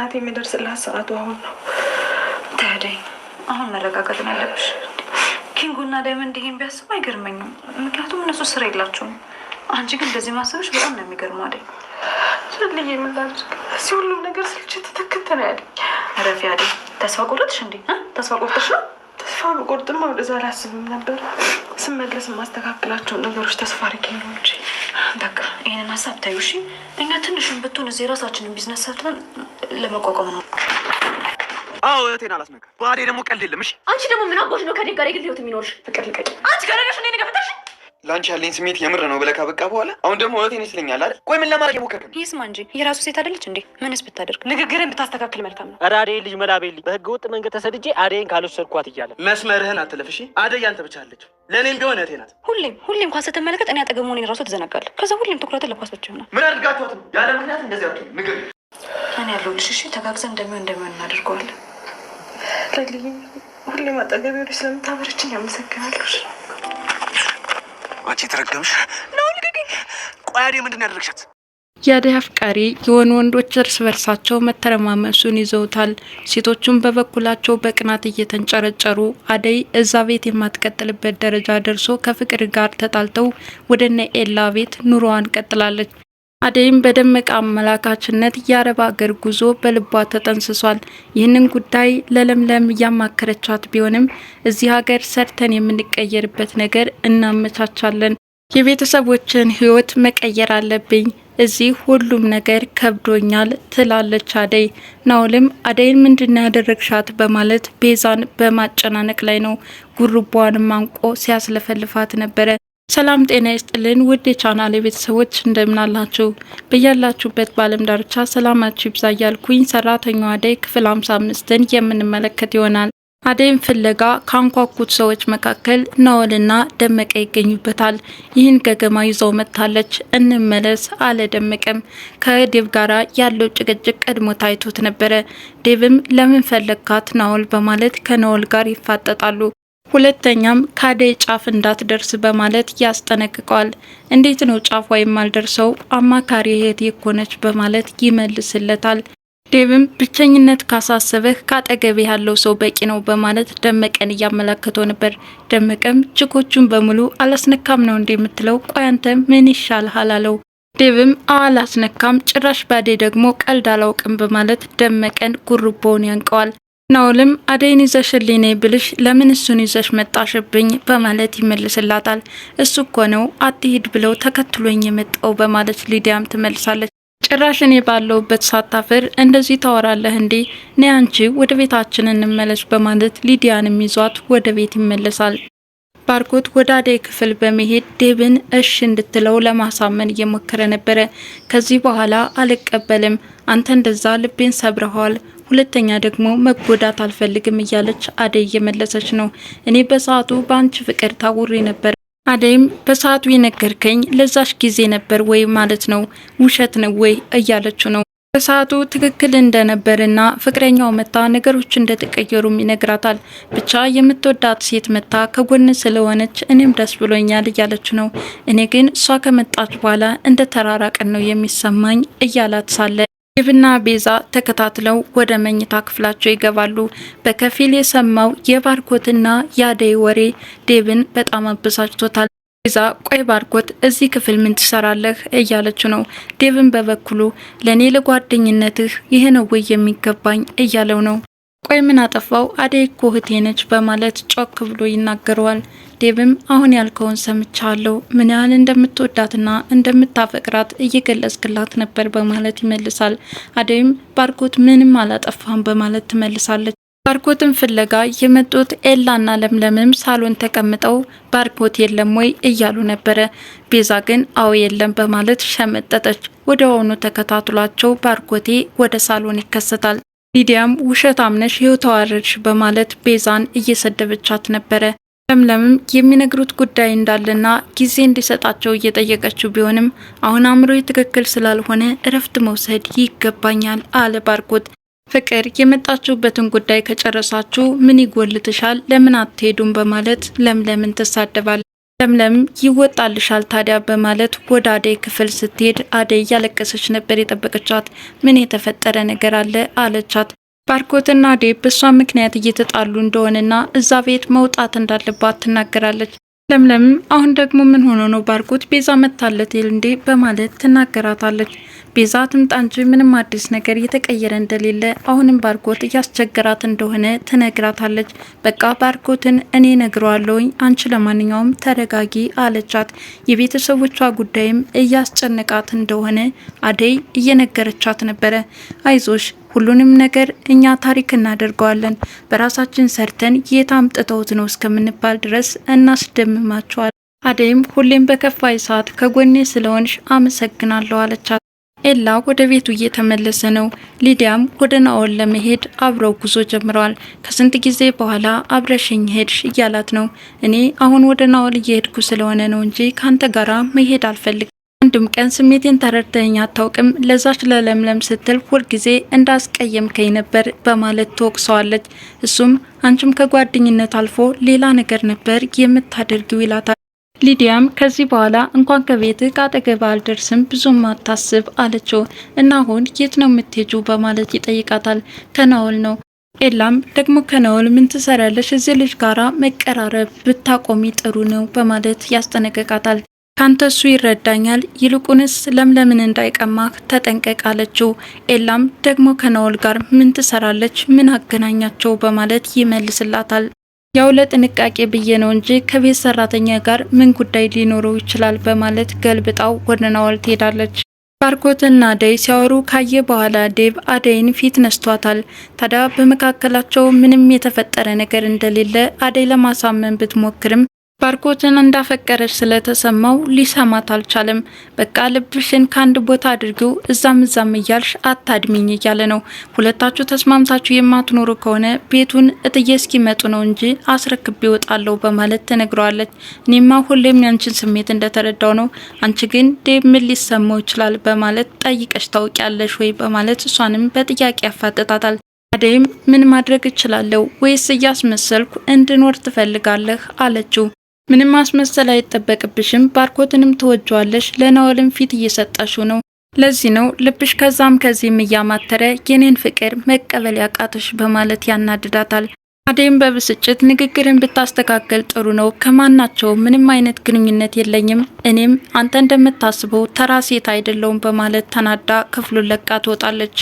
እናቴ የሚደርስላት ሰዓቱ አሁን ነው። ታዲያ አሁን መረጋጋት ነው ያለብሽ። ኪንጎና ዳይመንድ ይሄን ቢያስቡ አይገርመኝም፣ ምክንያቱም እነሱ ስራ የላቸውም። አንቺ ግን እንደዚህ ማሰብሽ በጣም ነው የሚገርመው። አደይ ጸልዬ የምላች እዚህ ሁሉም ነገር ስልችት ነው ያለ ረፊ አደይ ተስፋ ቆረጥሽ እንዴ? ተስፋ ቆርጥሽ ነው? ተስፋ ቆርጥማ ወደዛ ላስብም ነበር። ስመለስ የማስተካክላቸውን ነገሮች ተስፋ አድርጌ ነው እንጂ በቃ ይህንን ሀሳብ ታዩ። እሺ እኛ ትንሽም ብትሆን እዚህ የራሳችንን ቢዝነስ ሰርተን ለመቋቋም ነው። አዎ እህቴን አላስነካም። ባዴ ደግሞ ቀልድ የለም። እሺ አንቺ ደግሞ ምን አባሽ ነው ከዴ ጋር የግል ህይወት የሚኖርሽ? ፍቅር ልቀቂ አንቺ ጋር ነሽ። ነገር ፍታሽ ለአንቺ ያለኝ ስሜት የምር ነው ብለህ ካበቃ በኋላ አሁን ደግሞ እውነቴን ይስለኛል አይደል? ቆይ ምን ለማድረግ የሞከርክ ነው? ይስማ እንጂ የራሱ ሴት አይደለች እንዴ? ምንስ ብታደርግ ንግግርን ብታስተካክል መልካም ነው። ኧረ አደይ ልጅ መላቤልኝ በህገ ወጥ መንገድ ተሰድጄ አደይን ካልወሰድኳት እያለ መስመርህን አትለፍሺ። አደይ ያንተ ብቻ አለች፣ ለእኔም ቢሆን እህቴ ናት። ሁሌም ሁሌም ኳስ ስትመለከት እኔ አጠገብ መሆኔን ራሱ ትዘነጋለህ። ከዛ ሁሌም ትኩረትን ለኳስ ብቻ ይሆናል። ምን አድርጋችኋት ነው? ያለ ምክንያት እንደዚህ አቱ ምግብ እኔ ያለው ልሽ እሺ፣ ተጋግዘን እንደሚሆን እንደሚሆን እናደርገዋለን። ሁሌም አጠገብ ሆነሽ ስለምታበረችኝ አመሰግናለሁ። አንቺ የተረገምሽ ነው። ልቀቂኝ! ቆይ አዴ ምንድን ያደረግሻት? የአደይ አፍቃሪ የሆኑ ወንዶች እርስ በርሳቸው መተረማመሱን ይዘውታል። ሴቶቹም በበኩላቸው በቅናት እየተንጨረጨሩ አደይ እዛ ቤት የማትቀጥልበት ደረጃ ደርሶ ከፍቅር ጋር ተጣልተው ወደ ኤላ ቤት ኑሮዋን ቀጥላለች። አደይም በደመቀ አመላካችነት የአረብ አገር ጉዞ በልቧ ተጠንስሷል። ይህንን ጉዳይ ለለምለም እያማከረቻት ቢሆንም እዚህ ሀገር ሰርተን የምንቀየርበት ነገር እናመቻቻለን፣ የቤተሰቦችን ህይወት መቀየር አለብኝ፣ እዚህ ሁሉም ነገር ከብዶኛል ትላለች አደይ። ናውልም አደይን ምንድነው ያደረግሻት በማለት ቤዛን በማጨናነቅ ላይ ነው። ጉርቧንም አንቆ ሲያስለፈልፋት ነበረ። ሰላም ጤና ይስጥልን ውድ የቻናል ቤተሰቦች እንደምናላችሁ በያላችሁበት በዓለም ዳርቻ ሰላማችሁ ይብዛ እያልኩኝ ሰራተኛዋ አደይ ክፍል 55ን የምንመለከት ይሆናል። አደይን ፍለጋ ካንኳኩት ሰዎች መካከል ናወልና ደመቀ ይገኙበታል። ይህን ገገማ ይዘው መጥታለች። እንመለስ አለ ደመቀም። ከዴቭ ያለው ጭቅጭቅ ቀድሞ ታይቶት ነበረ። ዴቭም ለምን ፈለግካት ናወል በማለት ከናወል ጋር ይፋጠጣሉ። ሁለተኛም ካደይ ጫፍ እንዳትደርስ በማለት ያስጠነቅቀዋል። እንዴት ነው ጫፏ የማልደርሰው? አማካሪ እህቴ የኮነች በማለት ይመልስለታል። ዴብም ብቸኝነት ካሳሰበህ ካጠገብ ያለው ሰው በቂ ነው በማለት ደመቀን እያመላከተው ነበር። ደመቀም ችኮቹን በሙሉ አላስነካም ነው እንደምትለው ቆይ አንተ ምን ይሻልሃል አለው። ዴብም አላስነካም ጭራሽ ባዴ ደግሞ ቀልድ አላውቅም በማለት ደመቀን ጉርቦውን ያንቀዋል። ናውልም አደይን ይዘሽልኝ ነይ ብልሽ ለምን እሱን ይዘሽ መጣሽብኝ በማለት ይመልስላታል። እሱ እኮ ነው አትሂድ ብለው ተከትሎኝ የመጣው በማለት ሊዲያም ትመልሳለች። ጭራሽ እኔ ባለሁበት ሳታፍር እንደዚህ ታወራለህ እንዴ? ነይ አንቺ ወደ ቤታችን እንመለስ በማለት ሊዲያንም ይዟት ወደ ቤት ይመለሳል። ባርኮት ወደ አደይ ክፍል በመሄድ ዴብን እሽ እንድትለው ለማሳመን እየሞከረ ነበረ። ከዚህ በኋላ አልቀበልም፣ አንተ እንደዛ ልቤን ሰብረኸዋል ሁለተኛ ደግሞ መጎዳት አልፈልግም እያለች አደይ እየመለሰች ነው። እኔ በሰዓቱ በአንቺ ፍቅር ታውሬ ነበር። አደይም በሰዓቱ የነገርከኝ ለዛሽ ጊዜ ነበር ወይ ማለት ነው፣ ውሸት ነው ወይ እያለችው ነው። በሰዓቱ ትክክል እንደነበርና ፍቅረኛው መታ ነገሮች እንደተቀየሩም ይነግራታል። ብቻ የምትወዳት ሴት መታ ከጎን ስለሆነች እኔም ደስ ብሎኛል እያለች ነው። እኔ ግን እሷ ከመጣች በኋላ እንደ ተራራቀን ነው የሚሰማኝ እያላት ሳለ ዴቭና ቤዛ ተከታትለው ወደ መኝታ ክፍላቸው ይገባሉ። በከፊል የሰማው የባርኮትና የአደይ ወሬ ዴቭን በጣም አበሳጭቶታል። ቤዛ ቆይ ባርኮት እዚህ ክፍል ምን ትሰራለህ? እያለች ነው። ዴቭን በበኩሉ ለእኔ ለጓደኝነትህ ይህ ነው ወይ የሚገባኝ እያለው ነው። ቆይ ምን አጠፋው? አደይ እኮ እህቴ ነች በማለት ጮክ ብሎ ይናገረዋል። ዴብም አሁን ያልከውን ሰምቻለሁ፣ ምን ያህል እንደምትወዳትና እንደምታፈቅራት እየገለጽክላት ነበር በማለት ይመልሳል። አደይም ባርኮት ምንም አላጠፋም በማለት ትመልሳለች። ባርኮትን ፍለጋ የመጡት ኤላና ለምለምም ሳሎን ተቀምጠው ባርኮት የለም ወይ እያሉ ነበረ። ቤዛ ግን አዎ የለም በማለት ሸመጠጠች። ወደ ሆኑ ተከታትሏቸው ባርኮቴ ወደ ሳሎን ይከሰታል። ሊዲያም ውሸት አምነሽ የታዋረድሽ በማለት ቤዛን እየሰደበቻት ነበረ። ለምለምም የሚነግሩት ጉዳይ እንዳለና ጊዜ እንዲሰጣቸው እየጠየቀችው ቢሆንም አሁን አእምሮ ትክክል ስላልሆነ እረፍት መውሰድ ይገባኛል አለ ባርኮት። ፍቅር የመጣችሁበትን ጉዳይ ከጨረሳችሁ ምን ይጎልትሻል? ለምን አትሄዱም? በማለት ለምለምን ትሳደባል። ለምለም ይወጣልሻል ታዲያ በማለት ወደ አደይ ክፍል ስትሄድ አደይ እያለቀሰች ነበር የጠበቀቻት። ምን የተፈጠረ ነገር አለ አለቻት። ባርኮትና አደይ በሷ ምክንያት እየተጣሉ እንደሆነና እዛ ቤት መውጣት እንዳለባት ትናገራለች። ለምለም አሁን ደግሞ ምን ሆኖ ነው ባርኮት ቤዛ መታለት ይል እንዴ በማለት ትናገራታለች። ቤዛ ትምጣ እንጂ ምንም አዲስ ነገር የተቀየረ እንደሌለ አሁንም ባርኮት እያስቸገራት እንደሆነ ትነግራታለች። በቃ ባርኮትን እኔ ነግረዋለውኝ አንቺ ለማንኛውም ተረጋጊ አለቻት። የቤተሰቦቿ ጉዳይም እያስጨነቃት እንደሆነ አደይ እየነገረቻት ነበረ። አይዞሽ ሁሉንም ነገር እኛ ታሪክ እናደርገዋለን። በራሳችን ሰርተን የት አምጥተውት ነው እስከምንባል ድረስ እናስደምማቸዋል። አደይም ሁሌም በከፋይ ሰዓት ከጎኔ ስለሆንሽ አመሰግናለሁ አለቻት። ኤላ ወደ ቤቱ እየተመለሰ ነው። ሊዲያም ወደ ናኦል ለመሄድ አብረው ጉዞ ጀምረዋል። ከስንት ጊዜ በኋላ አብረሽኝ ሄድሽ እያላት ነው። እኔ አሁን ወደ ናኦል እየሄድኩ ስለሆነ ነው እንጂ ካንተ ጋራ መሄድ አልፈልግም አንድም ቀን ስሜቴን ተረድተኸኝ አታውቅም፣ ለዛች ለለምለም ስትል ሁልጊዜ እንዳስቀየምከኝ ነበር በማለት ትወቅሰዋለች። እሱም አንቺም ከጓደኝነት አልፎ ሌላ ነገር ነበር የምታደርጊው ይላታል። ሊዲያም ከዚህ በኋላ እንኳን ከቤት ከአጠገብ አልደርስም ብዙም አታስብ አለችው እና አሁን የት ነው የምትሄጁ በማለት ይጠይቃታል። ከናወል ነው ኤላም ደግሞ ከናወል ምን ትሰሪያለሽ እዚህ ልጅ ጋራ መቀራረብ ብታቆሚ ጥሩ ነው በማለት ያስጠነቅቃታል። ካንተ እሱ ይረዳኛል፣ ይልቁንስ ለምለምን እንዳይቀማህ ተጠንቀቅ አለችው። ኤላም ደግሞ ከናወል ጋር ምን ትሰራለች? ምን አገናኛቸው? በማለት ይመልስላታል። ያው ለጥንቃቄ ብዬ ነው እንጂ ከቤት ሰራተኛ ጋር ምን ጉዳይ ሊኖረው ይችላል? በማለት ገልብጣው ወደ ናወል ትሄዳለች። ባርኮትና አደይ ሲያወሩ ካየ በኋላ ዴብ አደይን ፊት ነስቷታል። ታዲያ በመካከላቸው ምንም የተፈጠረ ነገር እንደሌለ አደይ ለማሳመን ብትሞክርም ባርኮትን እንዳፈቀረች ስለተሰማው ሊሰማት አልቻለም። በቃ ልብሽን ከአንድ ቦታ አድርገው እዛም እዛም እያልሽ አታድሚኝ እያለ ነው። ሁለታችሁ ተስማምታችሁ የማትኖሩ ከሆነ ቤቱን እትዬ እስኪመጡ ነው እንጂ አስረክቤ ይወጣለሁ በማለት ትነግረዋለች። እኔማ ሁሌም ያንችን ስሜት እንደተረዳው ነው፣ አንቺ ግን ዴብ ምን ሊሰማው ይችላል በማለት ጠይቀሽ ታውቂያለሽ ወይ በማለት እሷንም በጥያቄ ያፋጥጣታል። አደይም ምን ማድረግ እችላለሁ ወይስ እያስመሰልኩ እንድኖር ትፈልጋለህ አለችው። ምንም ማስመሰል አይጠበቅብሽም። ባርኮትንም ትወጇዋለሽ። ለናወልም ፊት እየሰጣሽው ነው። ለዚህ ነው ልብሽ ከዛም ከዚህም እያማተረ የኔን ፍቅር መቀበል ያቃተሽ በማለት ያናድዳታል። አዴም በብስጭት ንግግርን ብታስተካከል ጥሩ ነው። ከማናቸው ምንም አይነት ግንኙነት የለኝም። እኔም አንተ እንደምታስበው ተራ ሴት አይደለውም በማለት ተናዳ ክፍሉን ለቃ ትወጣለች።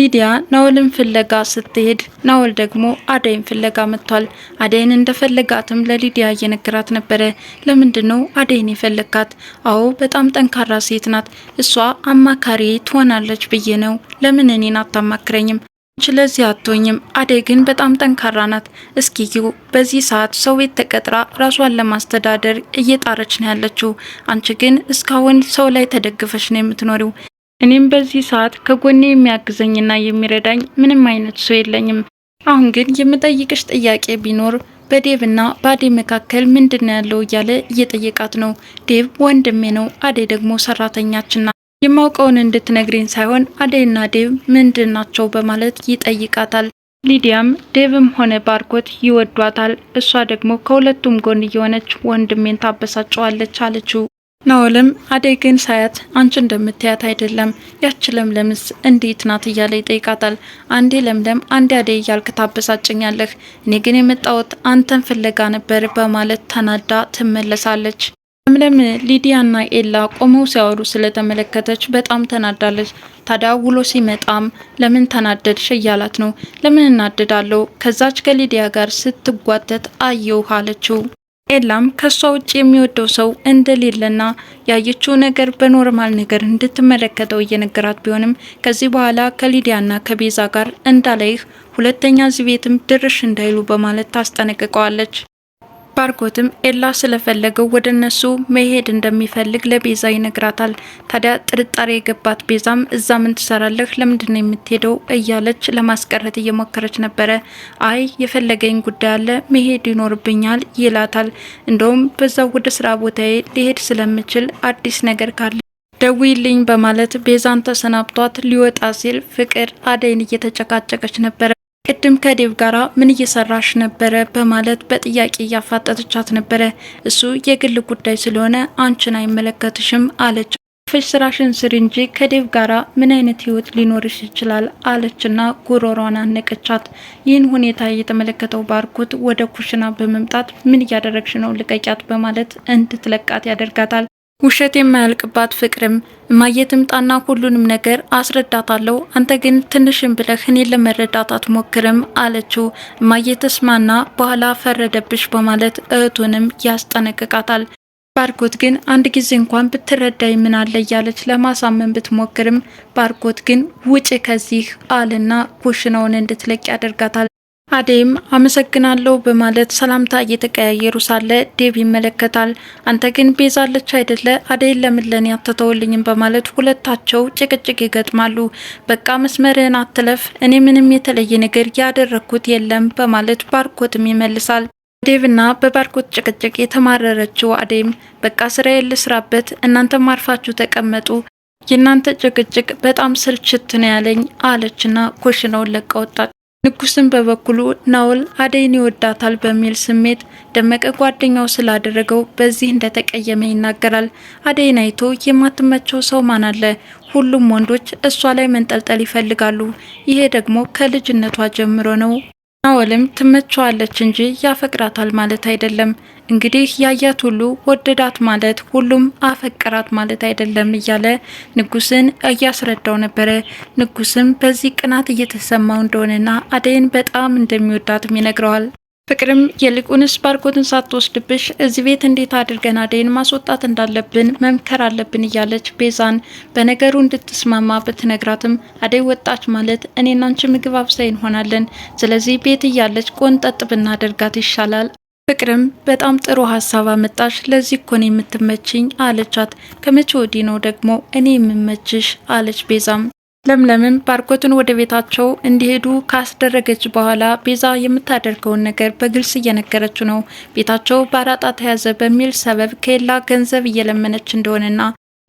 ሊዲያ ናወልን ፍለጋ ስትሄድ ናወል ደግሞ አደይን ፍለጋ መጥቷል። አደይን እንደፈለጋትም ለሊዲያ እየነገራት ነበረ። ለምንድን ነው አደይን የፈለግካት? አዎ በጣም ጠንካራ ሴት ናት፣ እሷ አማካሪ ትሆናለች ብዬ ነው። ለምን እኔን አታማክረኝም? ስለዚህ አትሆኝም። አደይ ግን በጣም ጠንካራ ናት። እስኪዩ በዚህ ሰዓት ሰው ቤት ተቀጥራ ራሷን ለማስተዳደር እየጣረች ነው ያለችው። አንቺ ግን እስካሁን ሰው ላይ ተደግፈች ነው የምትኖሪው። እኔም በዚህ ሰዓት ከጎኔ የሚያግዘኝና የሚረዳኝ ምንም አይነት ሰው የለኝም። አሁን ግን የምጠይቅሽ ጥያቄ ቢኖር በዴቭና በአዴ መካከል ምንድን ያለው እያለ እየጠየቃት ነው። ዴቭ ወንድሜ ነው፣ አዴ ደግሞ ሰራተኛችንና የማውቀውን እንድትነግሪኝ ሳይሆን አዴና ዴቭ ምንድን ናቸው በማለት ይጠይቃታል። ሊዲያም ዴቭም ሆነ ባርኮት ይወዷታል፣ እሷ ደግሞ ከሁለቱም ጎን እየሆነች ወንድሜን ታበሳጨዋለች አለችው። ናኦልም አደይ ግን ሳያት አንቺ እንደምትያት አይደለም፣ ያች ለምለምስ እንዴት ናት እያለ ይጠይቃታል። አንዴ ለምለም አንዴ አደይ እያልክ ታበሳጭኛለህ፣ እኔ ግን የመጣሁት አንተን ፍለጋ ነበር በማለት ተናዳ ትመለሳለች። ለምለም ሊዲያና ኤላ ቆመው ሲያወሩ ስለተመለከተች በጣም ተናዳለች። ታዲያ ውሎ ሲመጣም ለምን ተናደድሽ እያላት ነው። ለምን እናደዳለው ከዛች ከሊዲያ ጋር ስትጓተት አየሁ አለችው። ኤላም ከሷ ውጭ የሚወደው ሰው እንደሌለና ያየችው ነገር በኖርማል ነገር እንድትመለከተው እየነገራት ቢሆንም ከዚህ በኋላ ከሊዲያና ከቤዛ ጋር እንዳላይህ ሁለተኛ እዚህ ቤትም ድርሽ እንዳይሉ በማለት ታስጠነቅቀዋለች። ባርኮትም ኤላ ስለፈለገው ወደ እነሱ መሄድ እንደሚፈልግ ለቤዛ ይነግራታል። ታዲያ ጥርጣሬ የገባት ቤዛም እዛ ምን ትሰራለህ? ለምንድን የምትሄደው? እያለች ለማስቀረት እየሞከረች ነበረ። አይ የፈለገኝ ጉዳይ አለ መሄድ ይኖርብኛል ይላታል። እንደውም በዛው ወደ ስራ ቦታዬ ሊሄድ ስለምችል አዲስ ነገር ካለ ደዊልኝ በማለት ቤዛን ተሰናብቷት ሊወጣ ሲል ፍቅር አደይን እየተጨቃጨቀች ነበረ። ቅድም ከዴብ ጋራ ምን እየሰራሽ ነበረ በማለት በጥያቄ እያፋጠጠቻት ነበረ። እሱ የግል ጉዳይ ስለሆነ አንቺን አይመለከትሽም አለች። ፍሽ ስራሽን ስሪ እንጂ ከዴብ ጋራ ምን አይነት ህይወት ሊኖርሽ ይችላል አለችና ጉሮሯን አነቀቻት። ይህን ሁኔታ እየተመለከተው ባርኮት ወደ ኩሽና በመምጣት ምን እያደረግሽ ነው ልቀቂያት በማለት እንድትለቃት ያደርጋታል። ውሸት የማያልቅባት ፍቅርም እማዬ ትምጣና ሁሉንም ነገር አስረዳታለሁ፣ አንተ ግን ትንሽም ብለህ እኔን ለመረዳት አትሞክርም አለችው። እማዬ ተስማና በኋላ ፈረደብሽ በማለት እህቱንም ያስጠነቅቃታል። ባርኮት ግን አንድ ጊዜ እንኳን ብትረዳኝ ምን አለ እያለች ለማሳመን ብትሞክርም ባርኮት ግን ውጭ ከዚህ አልና ኩሽናውን እንድትለቅ ያደርጋታል። አዴም አመሰግናለሁ በማለት ሰላምታ እየተቀያየሩ ሳለ ዴቭ ይመለከታል። አንተ ግን ቤዛለች አይደለ አዴን ለምን ለኔ አትተውልኝም? በማለት ሁለታቸው ጭቅጭቅ ይገጥማሉ። በቃ መስመርህን አትለፍ፣ እኔ ምንም የተለየ ነገር ያደረግኩት የለም በማለት ባርኮትም ይመልሳል። ዴቭና በባርኮት ጭቅጭቅ የተማረረችው አዴም በቃ ስራ የልስራበት፣ እናንተም አርፋችሁ ተቀመጡ የእናንተ ጭቅጭቅ በጣም ስልችት ነው ያለኝ አለችና ኮሽነውን ለቃ ወጣች። ንጉስም በበኩሉ ናውል አደይን ይወዳታል በሚል ስሜት ደመቀ ጓደኛው ስላደረገው በዚህ እንደተቀየመ ይናገራል። አደይን አይቶ የማትመቸው ሰው ማን አለ? ሁሉም ወንዶች እሷ ላይ መንጠልጠል ይፈልጋሉ። ይሄ ደግሞ ከልጅነቷ ጀምሮ ነው ናወልም ትመቸዋለች እንጂ ያፈቅራታል ማለት አይደለም። እንግዲህ ያያት ሁሉ ወደዳት ማለት ሁሉም አፈቀራት ማለት አይደለም እያለ ንጉስን እያስረዳው ነበረ። ንጉስም በዚህ ቅናት እየተሰማው እንደሆነና አደይን በጣም እንደሚወዳትም ይነግረዋል። ፍቅርም የልቁንስ ባርኮትን ሳትወስድብሽ እዚህ ቤት እንዴት አድርገን አደይን ማስወጣት እንዳለብን መምከር አለብን እያለች ቤዛን በነገሩ እንድትስማማ ብትነግራትም አደይ ወጣች ማለት እኔና አንቺ ምግብ አብሳይ እንሆናለን፣ ስለዚህ ቤት እያለች ቆንጠጥ ብናደርጋት ይሻላል። ፍቅርም በጣም ጥሩ ሀሳብ አመጣሽ፣ ለዚህ እኮ ነው የምትመችኝ አለቻት። ከመቼ ወዲህ ነው ደግሞ እኔ የምመችሽ አለች ቤዛም ለምለምም ባርኮትን ወደ ቤታቸው እንዲሄዱ ካስደረገች በኋላ ቤዛ የምታደርገውን ነገር በግልጽ እየነገረችው ነው። ቤታቸው በአራጣ ተያዘ በሚል ሰበብ ከሌላ ገንዘብ እየለመነች እንደሆነና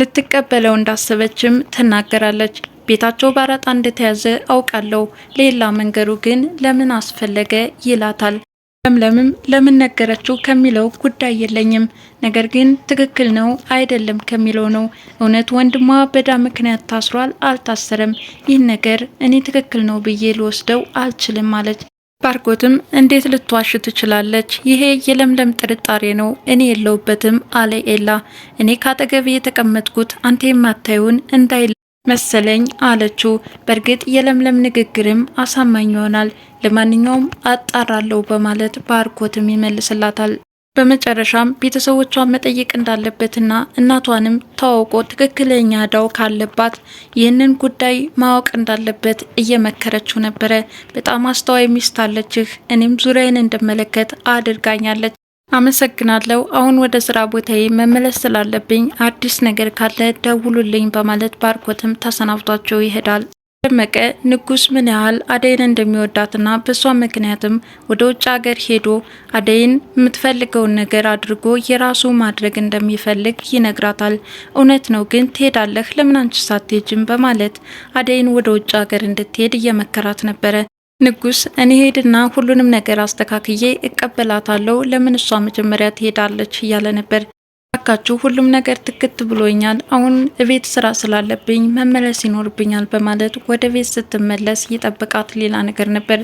ልትቀበለው እንዳሰበችም ትናገራለች። ቤታቸው በአራጣ እንደተያዘ አውቃለሁ፣ ሌላ መንገዱ ግን ለምን አስፈለገ ይላታል። ለምለምም ለምን ነገረችው ከሚለው ጉዳይ የለኝም። ነገር ግን ትክክል ነው አይደለም ከሚለው ነው። እውነት ወንድሟ በዳ ምክንያት ታስሯል አልታሰረም፣ ይህን ነገር እኔ ትክክል ነው ብዬ ልወስደው አልችልም ማለች ባርኮትም እንዴት ልትዋሽ ትችላለች? ይሄ የለምለም ጥርጣሬ ነው፣ እኔ የለውበትም አለ ኤላ። እኔ ካጠገቤ የተቀመጥኩት አንተ የማታየውን እንዳይ መሰለኝ አለችው። በእርግጥ የለምለም ንግግርም አሳማኝ ይሆናል። ለማንኛውም አጣራለሁ በማለት ባርኮትም ይመልስላታል። በመጨረሻም ቤተሰቦቿን መጠየቅ እንዳለበትና እናቷንም ታውቆ ትክክለኛ እዳው ካለባት ይህንን ጉዳይ ማወቅ እንዳለበት እየመከረችው ነበረ። በጣም አስተዋይ ሚስት አለችህ፣ እኔም ዙሪያዬን እንድመለከት አድርጋኛለች። አመሰግናለሁ። አሁን ወደ ስራ ቦታዬ መመለስ ስላለብኝ አዲስ ነገር ካለ ደውሉልኝ በማለት ባርኮትም ተሰናብቷቸው ይሄዳል። ደመቀ ንጉስ ምን ያህል አደይን እንደሚወዳትና በሷ ምክንያትም ወደ ውጭ ሀገር ሄዶ አደይን የምትፈልገውን ነገር አድርጎ የራሱ ማድረግ እንደሚፈልግ ይነግራታል። እውነት ነው ግን ትሄዳለህ፣ ለምን አንቺ ሳትሄጂም በማለት አደይን ወደ ውጭ ሀገር እንድትሄድ እየመከራት ነበረ። ንጉስ እኔ ሄድና ሁሉንም ነገር አስተካክዬ እቀበላታለሁ፣ ለምን እሷ መጀመሪያ ትሄዳለች እያለ ነበር። አካችሁ ሁሉም ነገር ትክት ብሎኛል፣ አሁን እቤት ስራ ስላለብኝ መመለስ ይኖርብኛል በማለት ወደ ቤት ስትመለስ ይጠብቃት ሌላ ነገር ነበር።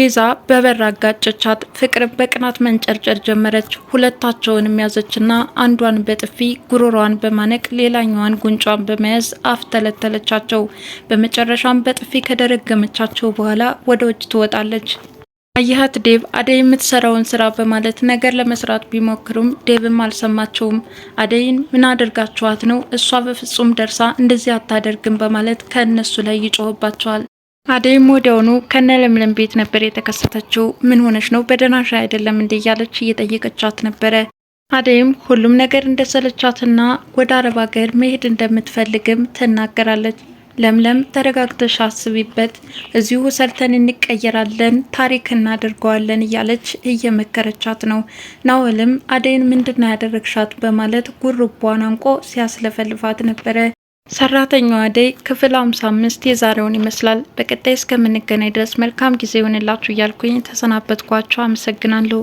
ቤዛ በበር አጋጨቻት። ፍቅር በቅናት መንጨርጨር ጀመረች። ሁለታቸውንም ያዘችና አንዷን በጥፊ ጉሮሯን በማነቅ ሌላኛዋን ጉንጯን በመያዝ አፍተለተለቻቸው። በመጨረሻም በጥፊ ከደረገመቻቸው በኋላ ወደ ውጭ ትወጣለች። አየሀት ዴቭ አደይ የምትሰራውን ስራ በማለት ነገር ለመስራት ቢሞክሩም ዴቭም አልሰማቸውም። አደይን ምን አድርጋችኋት ነው? እሷ በፍጹም ደርሳ እንደዚህ አታደርግም በማለት ከእነሱ ላይ ይጮህባቸዋል። አደይም ወዲያውኑ ከነ ለምለም ቤት ነበር የተከሰተችው። ምን ሆነች ነው በደናሻ አይደለም እንዴ እያለች እየጠየቀቻት ነበረ። አደይም ሁሉም ነገር እንደሰለቻትና ወደ አረብ ሀገር መሄድ እንደምትፈልግም ትናገራለች። ለምለም ተረጋግተሽ አስቢበት፣ እዚሁ ሰርተን እንቀየራለን፣ ታሪክ እናደርገዋለን እያለች እየመከረቻት ነው። ናወልም አደይን ምንድነው ያደረግሻት በማለት ጉርቧን አንቆ ሲያስለፈልፋት ነበረ። ሰራተኛዋ አደይ ክፍል 55 የዛሬውን ይመስላል። በቀጣይ እስከምንገናኝ ድረስ መልካም ጊዜ ይሆንላችሁ እያልኩኝ ተሰናበትኳችሁ። አመሰግናለሁ።